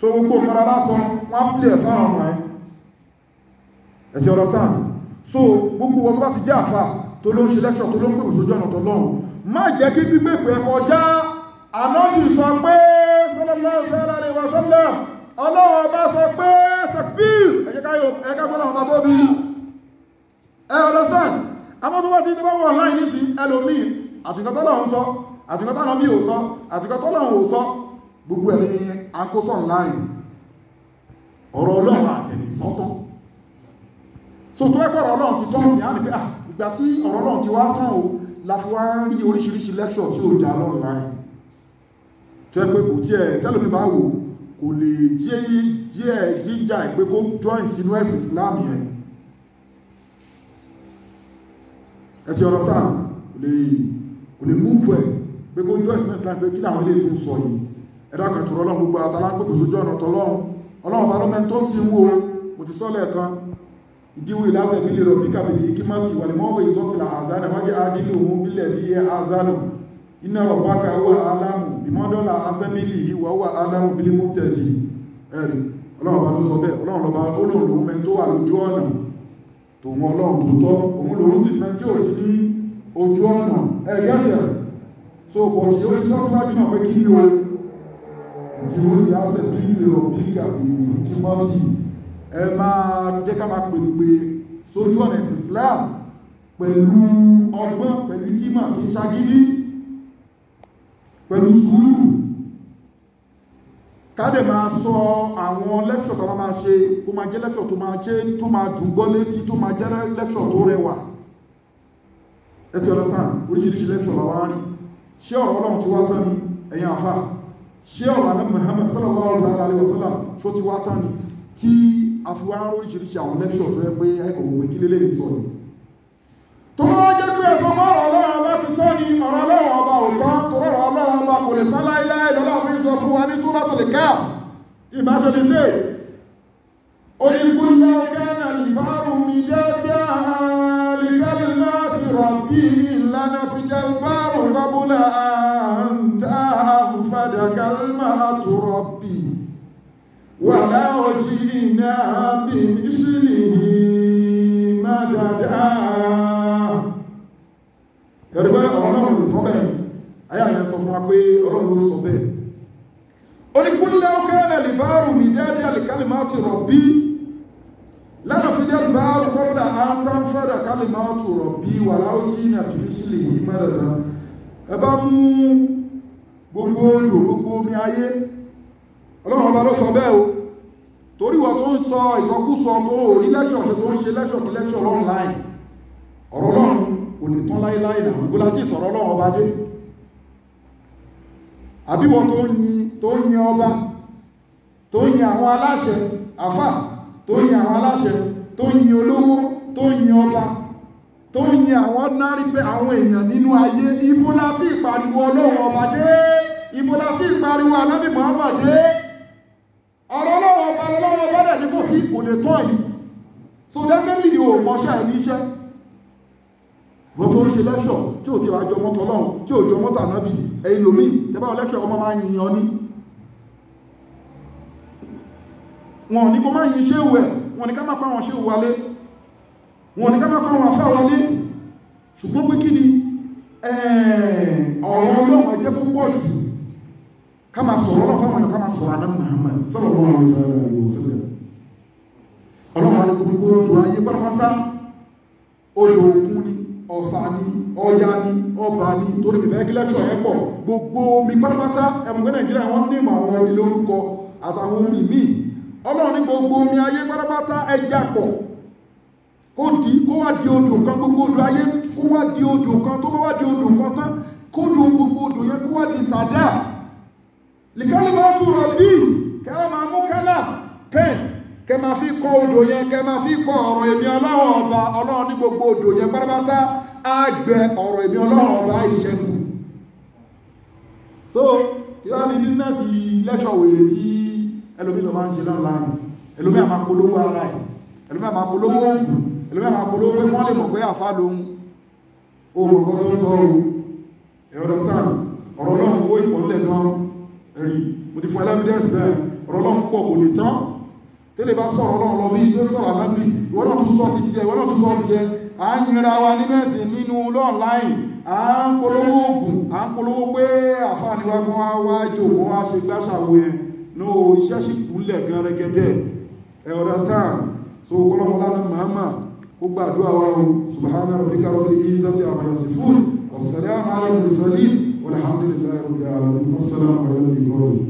so gbogbo nǹkan lásán wọ́n á pìlẹ̀ sáwọn ọmọ ẹ̀ ẹ̀tì ọ̀rọ̀ sáà so gbogbo wọn bá ti jẹ́ àfà tó ló ń ṣe lẹ́ṣọ̀ tó ló ń pè òṣòjọ́ ọ̀nà tó lọ́run má jẹ́ kí gbígbé pẹ̀ kọjá anọ́jù sọ pé sallallahu alaihi wa sallam ọlọ́run ọba sọ pé sọ̀pìl ẹ̀ka gbọ́dọ̀ ọba tóbi ẹ understand àmọ́ tó bá ti bá wọ̀ láì ní sí ẹlòmíì àtìkọ́tọ́lọ́run sọ àtìkọ́tọ́lọ́run mi ò sọ àtìkọ́tọ́lọ́run ò sọ gbogbo ẹ̀rí akóso online ọ̀rọ̀ ọlọ́run àtẹ̀lẹ̀ sọ́tọ̀ so tó ẹ̀kọ́ ọ̀rọ̀ ọlọ́run ti tọ́ sí á nìkẹ́ ah, ìgbà tí ọ̀rọ̀ ọlọ́run ti wá tán o la fi wá ń rí oríṣiríṣi lecture tí ó dá online tó ẹ pé kò tiẹ̀ tẹ́lómi bá wò kò lè jẹ́ díẹ̀ jíjà ìpé kó join sínú ẹ̀sìn Islam yẹn ẹ ti ọ̀rọ̀ sáà kò lè mú fún ẹ pé kó join sínú ẹ̀sìn Islam pé kí làwọn ilé ìfún sọ ẹ̀dá kan ìtura ọlọ́run gbogbo àtàlá pé kòsójú ọ̀nà tọlọ́run ọlọ́run tàbí ọmọ tó ń sin wo mo ti sọ́lẹ̀ kan ìdíwò ìlàsẹ̀ ìbílẹ̀ rọ̀ bí kàbìdì kí má ti wà ní mọ́wọ́ ìsọ́kìlà àzánà wájú àdílé òun bílẹ̀ sí ẹ àzánà iná ọ̀pá ka wà álámù ìmọ́dọ́là afẹ́mílì yìí wà wà álámù bílẹ̀ mú tẹ̀lé ẹ̀rì ọlọ́run bá tó sọ bẹ́ẹ̀ ọlọ́run lọ́ba olóòlùwọ́n so kò sí orí sọ́kùnrin ìwòye àṣẹbí rẹ̀ ò bí gàbìrì kímọ́tì ẹ máa jẹ́ ká máa pèpè sójú ọ̀nà Islam pẹ̀lú ọgbọ́n pẹ̀lú kímọ̀ kí ṣagídí pẹ̀lú sùúrù káàdẹ̀ máa sọ àwọn lẹ́kṣọ̀ kan máa ṣe kó máa jẹ́ lẹ́kṣọ̀ tó máa ṣe tó máa dùn gbọ́ létí tó máa jẹ́ lẹ́kṣọ̀ tó rẹwà ẹ ti ọ̀dọ́sán oríṣiríṣi lẹ́kṣọ̀ làwọn rí ṣé ọ̀rọ̀ ọlọ́run ti wá tán ni ẹ̀yin àfáà ṣé ọ̀rọ̀ àná Muhammad sallallahu alaihi wasallam ṣó ti wá tán ni tí àfiwárá oríṣiríṣi àwọn lẹ́ṣọ̀ tó yẹ pé ẹ̀kọ́ òwe kí lélẹ́ yìí sọ ni. tó bá wá jẹ́ pé ẹ̀sọ́ mọ́ ọ̀rọ̀ ọlọ́run ọba ti tọ́ ni ọ̀rọ̀ ọlọ́run ọba ò tán tọ́rọ̀ ọlọ́run ọba kò lè tán láéláé lọ́la fún ìsọ fún wa ní túbà tó lè ká ìbáṣọ ti dé. onígbóná kánà ìbáru mi dáadáa àlìkálí náà ti rọ̀ bí ìlànà fi jẹ́ báàrùn rọ́bùnà àrùn wàlá òjì náà bí ìsìlì má dáadáa. Ẹ̀rọ̀gbẹ́ ọ̀rọ̀ ló sọ bẹ́ẹ̀, ayé àyẹ̀ sọ fún wa pé ọ̀rọ̀ ló sọ bẹ́ẹ̀. Oníkúnlẹ̀ ọkẹ́ rẹ̀ lè bá rù mí jáde àlìkálì máa ti rọ̀ bí. Lẹ́nu fi jẹ́ bá rù kọ́ńdà Antán Fẹ́dà kálì máa tù rọ̀ bí wàlá òjì náà bí ìsìlì má dáadáa. Ẹ bá mú gbogbo olùgbogbo omi ayé ọlọ́run ọba ló sọ bẹ́ẹ̀ o torí wọ́n tó ń sọ ìsọkúsọ tó orí lẹ́ṣọ̀ tó ń ṣe lẹ́ṣọ̀ tó lẹ́ṣọ̀ lọ́run láì ọ̀rọ̀ náà kò ní tán ọba dé àbíwọ̀n tó ń yin ọba tó ń yin àwọn aláṣẹ àfà tó ń yin àwọn aláṣẹ tó ń yin olówó tó ń yin ọba tó ń yin àwọn ordinary pé àwọn èèyàn nínú ayé ibo ìpariwo ọlọ́run ọba dé ibo ìpariwo ànábì dey tọ́ yìí so definitely yìí ò mọṣẹ́ ẹ̀ níṣẹ́ gbogbo ń ṣe lẹ́ṣọ̀ tí ò ti wá jọ mọ́tò ọlọ́run tí ò jọ mọ́tò ànábì ẹ̀yìn lómi ìjọba ọlẹ́ṣọ̀ ọmọ máa ń yìnyàn ni wọn ò ní kó máa yin ṣé wẹ̀ wọn ní ká máa pa wọn ṣé wọlé wọn ní ká máa pa wọn afá ṣùgbọ́n pé kí ni ọ̀rọ̀ ọlọ́run ẹ̀jẹ̀ púpọ̀ jù ká máa sọ̀rọ̀ ọlọ́run fáwọn èèyàn ká máa sọ̀rọ̀ ànábì Muhammad sọ̀rọ̀ ọlọ́run ọlọ́run alẹ́ gbogbo odò ayé pátápátá odò òkun ni ọ̀sà ni ọya ni ọba ni torí kìtẹ́ kí lẹ́tọ̀ ẹ̀ pọ̀ gbogbo omi pátápátá ẹ̀mùgbẹ́ nàìjíríà wọ́n ní ìmọ̀ àwọn ilé orúkọ àtàwọn omi míì ọlọ́run ní gbogbo omi ayé pátápátá ẹja pọ̀ kó di kó wá di odò kan gbogbo odò ayé kó wá di odò kan tó wá di odò kan tán kó do gbogbo odò yẹn kó wá di tàdá lìkálẹ́ kẹ máa fi kọ́ odò yẹn kẹ máa fi kọ́ ọ̀rọ̀ èmi ọlọ́run ọba ọlọ́run ní gbogbo odò yẹn pátápátá á gbẹ ọ̀rọ̀ èmi ọlọ́run ọba ìṣẹ́kù so ìlànà ní bísínẹ́sì lẹ́ṣọ̀ wèrè tí ẹlòmí lọ máa ń ṣe náà láàrin ẹlòmí àmà polówó ara ẹ̀ ẹlòmí àmà polówó oògùn ẹlòmí àmà polówó pé wọ́n lè mọ̀ pé àfá lóhun ohun ọ̀gọ́ tó ń sọ ohun ẹ̀rọ sáà ọ̀rọ̀ ọlọ́run owó ìpọ̀lẹ̀ náà ẹ̀yìn mo ti fún ẹlẹ́mídẹ́sì bẹ́ẹ̀ ọ̀rọ̀ ọlọ́run pọ̀ kò lè tán tẹ́lẹ̀ bá sọ̀rọ̀ náà lọ bí ṣe sọ̀rọ̀ àlábì ìwọ́n náà tún sọ ti tiẹ̀ ìwọ́n náà tún sọ ti tiẹ̀ à ń yinra wa nínú ẹ̀sìn nínú lọ́ọ̀láìn à ń polówó oògùn à ń polówó pé àfáàní wa kan wá jòkó wá ṣe gbáṣàwò ẹ̀ ní o iṣẹ́ sì kúnlẹ̀ gan rẹ́gẹ́dẹ́ ẹ̀ ọ̀rẹ́ stan so kọ́lọ́mọlá ní màmá ó gbàdúrà wa o subhana rabbika rabbil izzati amma yasifun wa salamun ala al